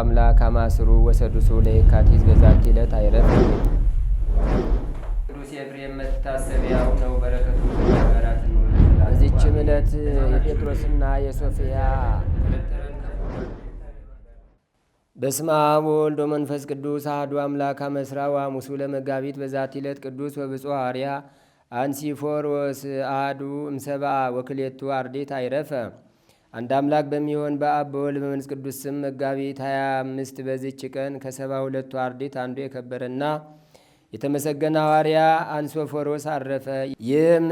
አምላክ አማስሩ ወሰዱሱ ለየካቲት በዛቲ ዕለት አይረፍ። ቅዱስ ኤፍሬም መታሰቢያው ነው። በረከቱ በዚችም ዕለት የጴጥሮስና የሶፊያ በስመ አብ ወወልድ ወመንፈስ ቅዱስ አህዱ አምላክ አመስራ ወሐሙሱ ለመጋቢት በዛት ዕለት ቅዱስ ወብፁዕ አርያ አንሲፎር ወስ አሐዱ እምሰብአ ወክሌቱ አርዴት አይረፈ አንድ አምላክ በሚሆን በአብ በወልድ በመንፈስ ቅዱስ ስም መጋቢት 25 በዚች ቀን ከሰባ ሁለቱ አርድእት አንዱ የከበረና የተመሰገነ ሐዋርያ አንሶፎሮስ አረፈ። ይህም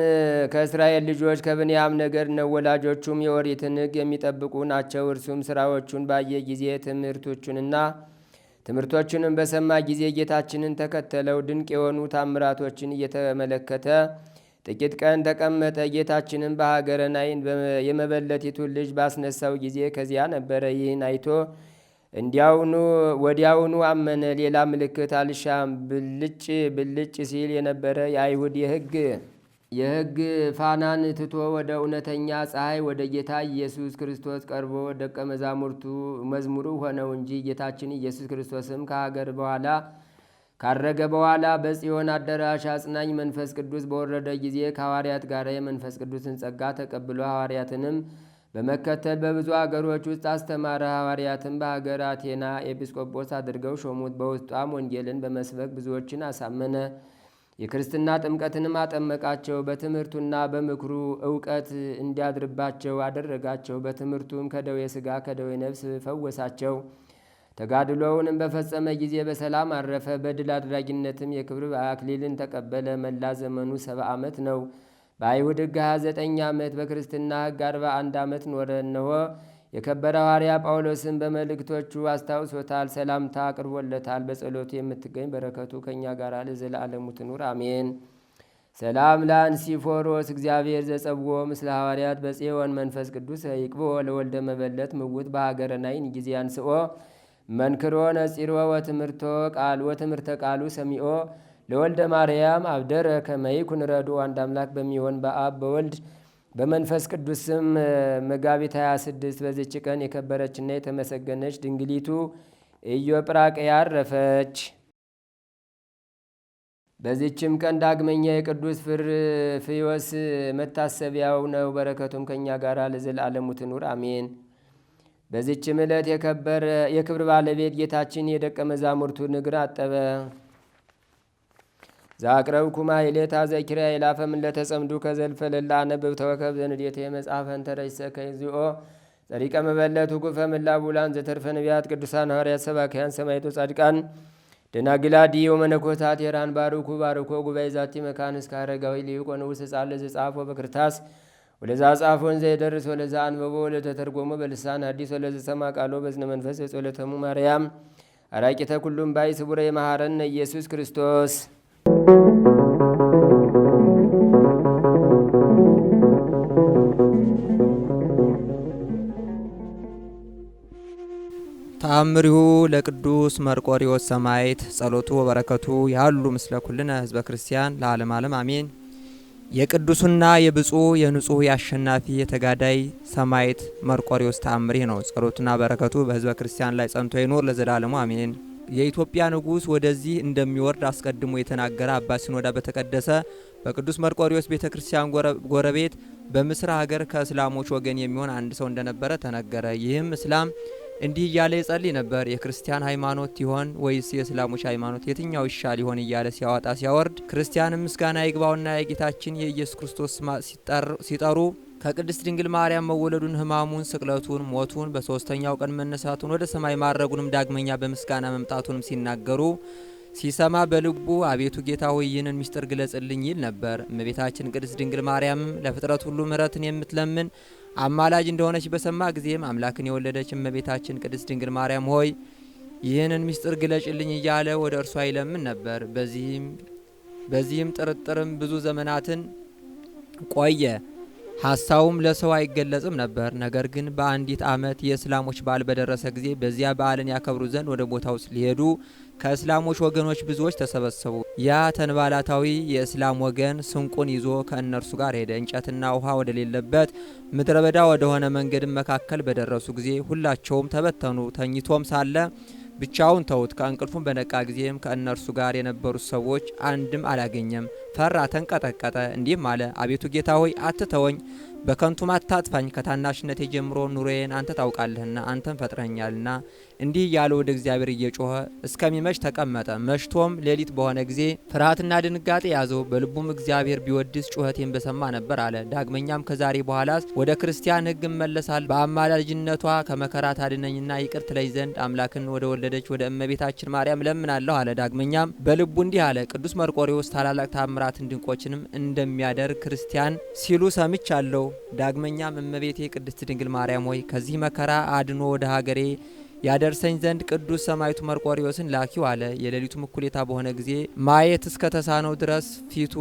ከእስራኤል ልጆች ከብንያም ነገድ ነው። ወላጆቹም የኦሪትን ሕግ የሚጠብቁ ናቸው። እርሱም ስራዎቹን ባየ ጊዜ ትምህርቶቹንና ትምህርቶቹንም በሰማ ጊዜ ጌታችንን ተከተለው ድንቅ የሆኑ ታምራቶችን እየተመለከተ ጥቂት ቀን ተቀመጠ። ጌታችንም በሀገረ ናይን የመበለቲቱን ልጅ ባስነሳው ጊዜ ከዚያ ነበረ። ይህን አይቶ እንዲያውኑ ወዲያውኑ አመነ። ሌላ ምልክት አልሻም። ብልጭ ብልጭ ሲል የነበረ የአይሁድ የህግ የህግ ፋናን ትቶ ወደ እውነተኛ ፀሐይ ወደ ጌታ ኢየሱስ ክርስቶስ ቀርቦ ደቀ መዛሙርቱ መዝሙሩ ሆነው እንጂ ጌታችን ኢየሱስ ክርስቶስም ከሀገር በኋላ ካረገ በኋላ በጽዮን አዳራሽ አጽናኝ መንፈስ ቅዱስ በወረደ ጊዜ ከሐዋርያት ጋር የመንፈስ ቅዱስን ጸጋ ተቀብሎ ሐዋርያትንም በመከተል በብዙ አገሮች ውስጥ አስተማረ። ሐዋርያትን በሀገር አቴና ኤጲስቆጶስ አድርገው ሾሙት። በውስጧም ወንጌልን በመስበክ ብዙዎችን አሳመነ። የክርስትና ጥምቀትንም አጠመቃቸው። በትምህርቱና በምክሩ እውቀት እንዲያድርባቸው አደረጋቸው። በትምህርቱም ከደዌ ሥጋ ከደዌ ነፍስ ፈወሳቸው። ተጋድሎውንም በፈጸመ ጊዜ በሰላም አረፈ። በድል አድራጊነትም የክብር አክሊልን ተቀበለ። መላ ዘመኑ ሰባ ዓመት ነው። በአይሁድ ሕግ 29 ዓመት በክርስትና ሕግ 41 ዓመት ኖረ። እነሆ የከበረ ሐዋርያ ጳውሎስን በመልእክቶቹ አስታውሶታል፣ ሰላምታ አቅርቦለታል። በጸሎቱ የምትገኝ በረከቱ ከእኛ ጋር ለዘላለሙ ትኑር አሜን። ሰላም ለአንሲፎሮስ እግዚአብሔር ዘጸብዎ ምስለ ሐዋርያት በጽዮን መንፈስ ቅዱስ ይቅቦ ለወልደ መበለት ምውት በሀገረ ናይን ጊዜ አንስኦ መንክሮ ነጺሮ ወትምህርቶ ቃል ወትምህርተ ቃሉ ሰሚኦ ለወልደ ማርያም አብደረ ከመይኩን ረዶ አንድ አምላክ በሚሆን በአብ በወልድ በመንፈስ ቅዱስ ስም መጋቢት 26 በዚች ቀን የከበረችና የተመሰገነች ድንግሊቱ ኢዮጵራቅያ አረፈች። በዚችም ቀን ዳግመኛ የቅዱስ ፍርፍዮስ መታሰቢያው ነው። በረከቱም ከእኛ ጋር ለዘላለሙ ትኑር አሜን። በዚችም ዕለት የከበረ የክብር ባለቤት ጌታችን የደቀ መዛሙርቱን እግር አጠበ። ዛቅረብኩ ማሕሌታ ዘኪርያ ይላፈም ለተጸምዱ ከዘልፈለላ ነብብ ተወከብ ዘንዴቴ የመጽሐፈን ተረሰ ከይዚኦ ጸሪቀ መበለቱ ምላ ቡላን ዘተርፈ ነቢያት ቅዱሳን ሐዋርያት ሰባክያን ሰማይቶ ጻድቃን ደናግላ ዲዮ ወመነኮታት የራን ባርኩ ባርኮ ጉባኤ ዛቲ መካን እስከ አረጋዊ ሊቆ ንዑስ ሕፃን ለዘጻፎ በክርታስ ወለዛ ጻፍ ወንዘ የደርስ ወለዛ አንበቦ ወለተተርጎሞ በልሳን ሐዲስ ሰማ ቃሎ በዝነ መንፈስ የጸሎተሙ ማርያም አራቂተ ኩሉም ባይ ስቡረ የመሐረነ ኢየሱስ ክርስቶስ ተአምሪሁ ለቅዱስ መርቆሪዎስ ሰማይት ጸሎቱ ወበረከቱ ያሉ ምስለ ኩልነ ህዝበ ክርስቲያን ለዓለም ዓለም አሜን። የቅዱስና የብፁዕ የንጹህ የአሸናፊ የተጋዳይ ሰማይት መርቆሪዎስ ተአምሬ ነው። ጸሎትና በረከቱ በህዝበ ክርስቲያን ላይ ጸንቶ ይኖር ለዘላለሙ አሜን። የኢትዮጵያ ንጉሥ ወደዚህ እንደሚወርድ አስቀድሞ የተናገረ አባ ሲኖዳ በተቀደሰ በቅዱስ መርቆሪዎስ ቤተ ክርስቲያን ጎረቤት በምስር ሀገር ከእስላሞች ወገን የሚሆን አንድ ሰው እንደነበረ ተነገረ። ይህም እስላም እንዲህ እያለ ይጸልይ ነበር። የክርስቲያን ሃይማኖት ይሆን ወይስ የእስላሞች ሃይማኖት የትኛው ይሻል ይሆን እያለ ሲያወጣ ሲያወርድ፣ ክርስቲያንም ምስጋና ይግባውና የጌታችን የኢየሱስ ክርስቶስ ሲጠሩ ከቅድስት ድንግል ማርያም መወለዱን፣ ሕማሙን፣ ስቅለቱን፣ ሞቱን፣ በሶስተኛው ቀን መነሳቱን፣ ወደ ሰማይ ማድረጉንም፣ ዳግመኛ በምስጋና መምጣቱንም ሲናገሩ ሲሰማ በልቡ አቤቱ ጌታ ሆይ ይህንን ምስጢር ግለጽልኝ ይል ነበር። እመቤታችን ቅድስት ድንግል ማርያምም ለፍጥረት ሁሉ ምሕረትን የምትለምን አማላጅ እንደሆነች በሰማ ጊዜም አምላክን የወለደች እመቤታችን ቅድስት ድንግል ማርያም ሆይ ይህንን ምስጢር ግለጭልኝ እያለ ወደ እርሷ ይለምን ነበር። በዚህም በዚህም ጥርጥርም ብዙ ዘመናትን ቆየ። ሀሳቡም ለሰው አይገለጽም ነበር። ነገር ግን በአንዲት ዓመት የእስላሞች በዓል በደረሰ ጊዜ በዚያ በዓልን ያከብሩ ዘንድ ወደ ቦታው ሊሄዱ ከእስላሞች ወገኖች ብዙዎች ተሰበሰቡ። ያ ተንባላታዊ የእስላም ወገን ስንቁን ይዞ ከእነርሱ ጋር ሄደ። እንጨትና ውሃ ወደሌለበት ምድረ በዳ ወደሆነ መንገድን መካከል በደረሱ ጊዜ ሁላቸውም ተበተኑ። ተኝቶም ሳለ ብቻውን ተውት። ከእንቅልፉም በነቃ ጊዜም ከእነርሱ ጋር የነበሩት ሰዎች አንድም አላገኘም። ፈራ፣ ተንቀጠቀጠ። እንዲህም አለ፣ አቤቱ ጌታ ሆይ አትተወኝ፣ በከንቱም አታጥፋኝ። ከታናሽነቴ ጀምሮ ኑሮዬን አንተ ታውቃለህና አንተን ፈጥረኛልና። እንዲህ እያለ ወደ እግዚአብሔር እየጮኸ እስከሚመሽ ተቀመጠ። መሽቶም ሌሊት በሆነ ጊዜ ፍርሃትና ድንጋጤ ያዘው። በልቡም እግዚአብሔር ቢወድስ ጩኸቴን በሰማ ነበር አለ። ዳግመኛም ከዛሬ በኋላ ወደ ክርስቲያን ሕግ እመለሳል በአማላጅነቷ ከመከራ ታድነኝና ይቅር ትለኝ ዘንድ አምላክን ወደ ወለደች ወደ እመቤታችን ማርያም ለምናለሁ አለ። ዳግመኛም በልቡ እንዲህ አለ፣ ቅዱስ መርቆሬዎስ ታላላቅ ታምራትን ድንቆችንም እንደሚያደርግ ክርስቲያን ሲሉ ሰምቻለሁ። ዳግመኛም እመቤቴ ቅድስት ድንግል ማርያም ሆይ ከዚህ መከራ አድኖ ወደ ሀገሬ ያደርሰኝ ዘንድ ቅዱስ ሰማዕቱ መርቆሪዎስን ላኪው አለ። የሌሊቱ እኩሌታ በሆነ ጊዜ ማየት እስከ ተሳነው ድረስ ፊቱ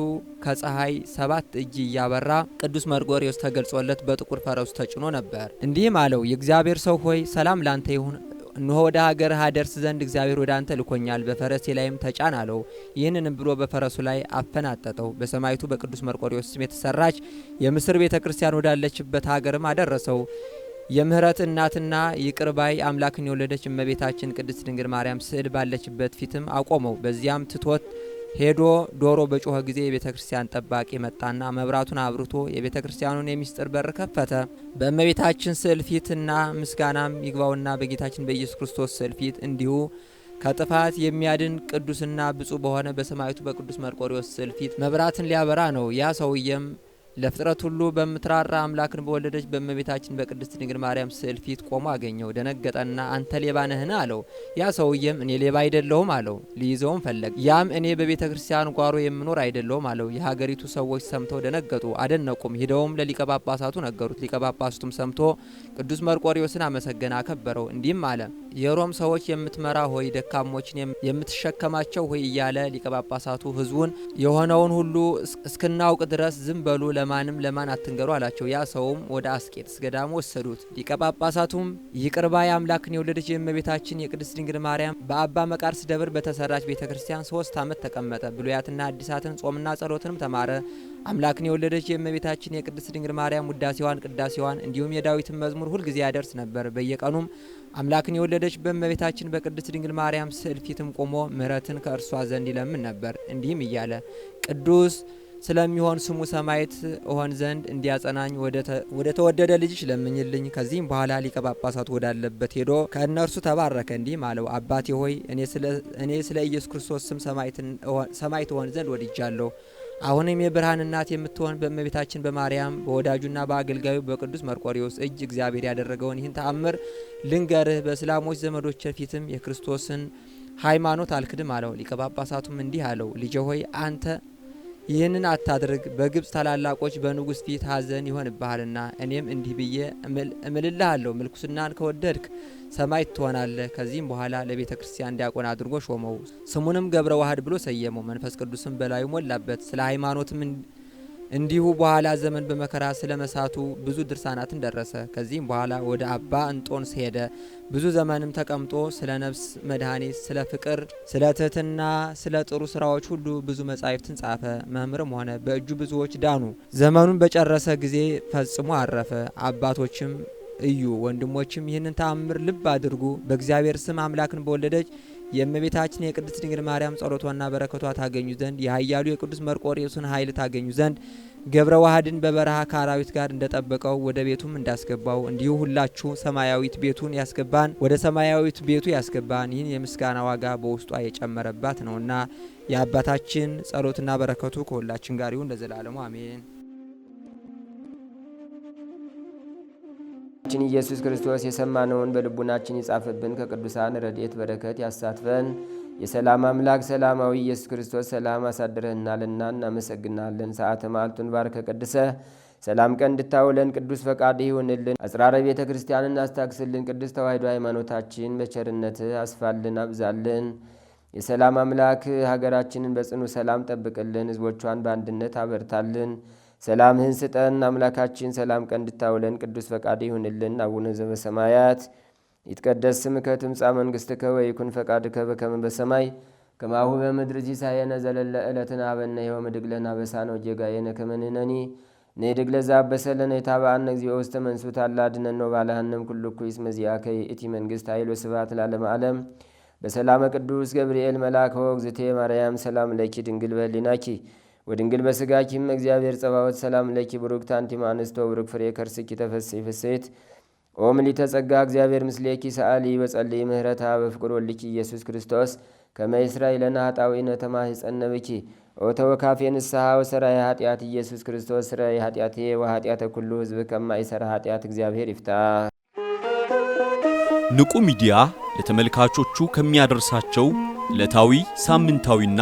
ከፀሐይ ሰባት እጅ እያበራ ቅዱስ መርቆሪዎስ ተገልጾለት በጥቁር ፈረሱ ተጭኖ ነበር። እንዲህም አለው፣ የእግዚአብሔር ሰው ሆይ ሰላም ላንተ ይሁን እነሆ ወደ ሀገርህ አደርስ ዘንድ እግዚአብሔር ወደ አንተ ልኮኛል፣ በፈረሴ ላይም ተጫን አለው። ይህንንም ብሎ በፈረሱ ላይ አፈናጠጠው። በሰማይቱ በቅዱስ መርቆሪዎስ ስም የተሰራች የምስር ቤተ ክርስቲያን ወዳለችበት ሀገርም አደረሰው። የምህረት እናትና ይቅርባይ አምላክን የወለደች እመቤታችን ቅድስት ድንግል ማርያም ስዕል ባለችበት ፊትም አቆመው። በዚያም ትቶት ሄዶ ዶሮ በጮኸ ጊዜ የቤተ ክርስቲያን ጠባቂ መጣና መብራቱን አብርቶ የቤተ ክርስቲያኑን የሚስጥር በር ከፈተ። በእመቤታችን ስዕል ፊትና ምስጋናም ይግባውና በጌታችን በኢየሱስ ክርስቶስ ስዕል ፊት እንዲሁ ከጥፋት የሚያድን ቅዱስና ብፁዕ በሆነ በሰማዕቱ በቅዱስ መርቆሪዎስ ስዕል ፊት መብራትን ሊያበራ ነው። ያ ሰውየም ለፍጥረት ሁሉ በምትራራ አምላክን በወለደች በእመቤታችን በቅድስት ድንግል ማርያም ስዕል ፊት ቆሞ አገኘው። ደነገጠና አንተ ሌባ ነህን አለው። ያ ሰውዬም እኔ ሌባ አይደለሁም አለው። ሊይዘውም ፈለገ። ያም እኔ በቤተ ክርስቲያን ጓሮ የምኖር አይደለሁም አለው። የሀገሪቱ ሰዎች ሰምተው ደነገጡ፣ አደነቁም። ሂደውም ለሊቀ ጳጳሳቱ ነገሩት። ሊቀ ጳጳሳቱም ሰምቶ ቅዱስ መርቆሪዎስን አመሰገነ፣ አከበረው። እንዲህም አለ የሮም ሰዎች የምትመራ ሆይ፣ ደካሞችን የምትሸከማቸው ሆይ እያለ ሊቀ ጳጳሳቱ ህዝቡን የሆነውን ሁሉ እስክናውቅ ድረስ ዝም በሉ ለማንም ለማን አትንገሩ አላቸው። ያ ሰውም ወደ አስቄጥስ ገዳም ወሰዱት። ሊቀ ጳጳሳቱም ይቅርባ የአምላክን የወለደች የእመቤታችን የቅድስት ድንግል ማርያም በአባ መቃርስ ደብር በተሰራች ቤተ ክርስቲያን ሶስት ዓመት ተቀመጠ። ብሉያትና አዲሳትን ጾምና ጸሎትንም ተማረ። አምላክን የወለደች የእመቤታችን የቅድስት ድንግል ማርያም ውዳሴዋን፣ ቅዳሴዋን እንዲሁም የዳዊትን መዝሙር ሁልጊዜ ያደርስ ነበር። በየቀኑም አምላክን የወለደች በእመቤታችን በቅድስት ድንግል ማርያም ስዕል ፊትም ቆሞ ምሕረትን ከእርሷ ዘንድ ይለምን ነበር። እንዲህም እያለ ቅዱስ ስለሚሆን ስሙ ሰማዕት እሆን ዘንድ እንዲያጸናኝ ወደ ተወደደ ልጅሽ ለምኝልኝ። ከዚህም በኋላ ሊቀ ጳጳሳት ወዳለበት ሄዶ ከእነርሱ ተባረከ፣ እንዲህም አለው አባቴ ሆይ እኔ ስለ ኢየሱስ ክርስቶስ ስም ሰማዕት እሆን ዘንድ ወድጃለሁ። አሁንም የብርሃን እናት የምትሆን በእመቤታችን በማርያም በወዳጁና በአገልጋዩ በቅዱስ መርቆሪዎስ እጅ እግዚአብሔር ያደረገውን ይህን ተአምር ልንገርህ። በእስላሞች ዘመዶች ፊትም የክርስቶስን ሃይማኖት አልክድም አለው። ሊቀ ጳጳሳቱም እንዲህ አለው ልጄ ሆይ አንተ ይህንን አታድርግ፣ በግብፅ ታላላቆች በንጉሥ ፊት ሐዘን ይሆንብሃልና። እኔም እንዲህ ብዬ እምልልሃለሁ፣ ምልኩስናን ከወደድክ ሰማይ ትሆናለህ። ከዚህም በኋላ ለቤተ ክርስቲያን ዲያቆን አድርጎ ሾመው፣ ስሙንም ገብረ ዋህድ ብሎ ሰየመው። መንፈስ ቅዱስም በላዩ ሞላበት። ስለ ሃይማኖትም እንዲሁ በኋላ ዘመን በመከራ ስለ መሳቱ ብዙ ድርሳናትን ደረሰ። ከዚህም በኋላ ወደ አባ እንጦንስ ሄደ። ብዙ ዘመንም ተቀምጦ ስለ ነፍስ መድኃኒት፣ ስለ ፍቅር፣ ስለ ትህትና፣ ስለ ጥሩ ስራዎች ሁሉ ብዙ መጻሕፍትን ጻፈ። መምህርም ሆነ። በእጁ ብዙዎች ዳኑ። ዘመኑን በጨረሰ ጊዜ ፈጽሞ አረፈ። አባቶችም እዩ፣ ወንድሞችም ይህንን ተአምር ልብ አድርጉ። በእግዚአብሔር ስም አምላክን በወለደች የእመቤታችን የቅድስት ድንግል ማርያም ጸሎቷና በረከቷ ታገኙ ዘንድ የኃያሉ የቅዱስ መርቆሬዎስን ኃይል ታገኙ ዘንድ ገብረ ዋህድን በበረሃ ከአራዊት ጋር እንደጠበቀው ወደ ቤቱም እንዳስገባው እንዲሁ ሁላችሁ ሰማያዊት ቤቱን ያስገባን ወደ ሰማያዊት ቤቱ ያስገባን። ይህን የምስጋና ዋጋ በውስጧ የጨመረባት ነውና የአባታችን ጸሎትና በረከቱ ከሁላችን ጋር ይሁን ለዘላለሙ አሜን። ችን ኢየሱስ ክርስቶስ የሰማነውን በልቡናችን ይጻፍብን፣ ከቅዱሳን ረድኤት በረከት ያሳትፈን። የሰላም አምላክ ሰላማዊ ኢየሱስ ክርስቶስ ሰላም አሳድረህናልና እናመሰግናለን። ሰዓተ ማልቱን ባርከ ቀድሰ ሰላም ቀን እንድታውለን ቅዱስ ፈቃድ ይሁንልን። አጽራረ ቤተ ክርስቲያን አስታክስልን። ቅዱስ ተዋሕዶ ሃይማኖታችን በቸርነት አስፋልን፣ አብዛልን። የሰላም አምላክ ሀገራችንን በጽኑ ሰላም ጠብቅልን፣ ህዝቦቿን በአንድነት አበርታልን። ሰላምህን ስጠን አምላካችን። ሰላም ቀን እንድታውለን ቅዱስ ፈቃድ ይሁንልን። አቡነ ዘበሰማያት ይትቀደስ ስምከ ትምጻእ መንግሥትከ ወይኩን ፈቃድከ በከመ በሰማይ ከማሁ በምድር ሲሳየነ ዘለለ ዕለትነ ሀበነ ዮም ወኅድግ ለነ አበሳነ ወጌጋየነ ከመ ንሕነኒ ንኅድግ ለዘአበሰለነ የታብአነ እግዚኦ ውስተ መንሱት አላ አድኅነነ ወባልሐነም ኩሉ ኩይስ መዚአከ ይእቲ መንግሥት ኃይል ወስብሐት ለዓለመ ዓለም በሰላመ ቅዱስ ገብርኤል መልአከ እግዝእትየ ማርያም ሰላም ለኪ ድንግል በኅሊናኪ ወድንግል በስጋኪም እግዚአብሔር ጸባወት ሰላም ለኪ ብሩክ አንቲ እምአንስቶ ብሩክ ፍሬ ከርስኪ ተፈሥሒ ፍሴት ኦም ምልዕተ ጸጋ እግዚአብሔር ምስሌኪ ሰአሊ በጸልይ ምህረታ በፍቅር ወልኪ ኢየሱስ ክርስቶስ ከመ ይሥራይለነ ነተማ ይጸነብኪ ብኪ ኦ ንስሓ ወሰራይ ኃጢአት ኢየሱስ ክርስቶስ ስራይ ኃጢአቴ ወኃጢአተ ኩሉ ሕዝብ ከማይሠራ ኃጢአት እግዚአብሔር ይፍታ። ንቁ ሚዲያ ለተመልካቾቹ ከሚያደርሳቸው ዕለታዊ ሳምንታዊና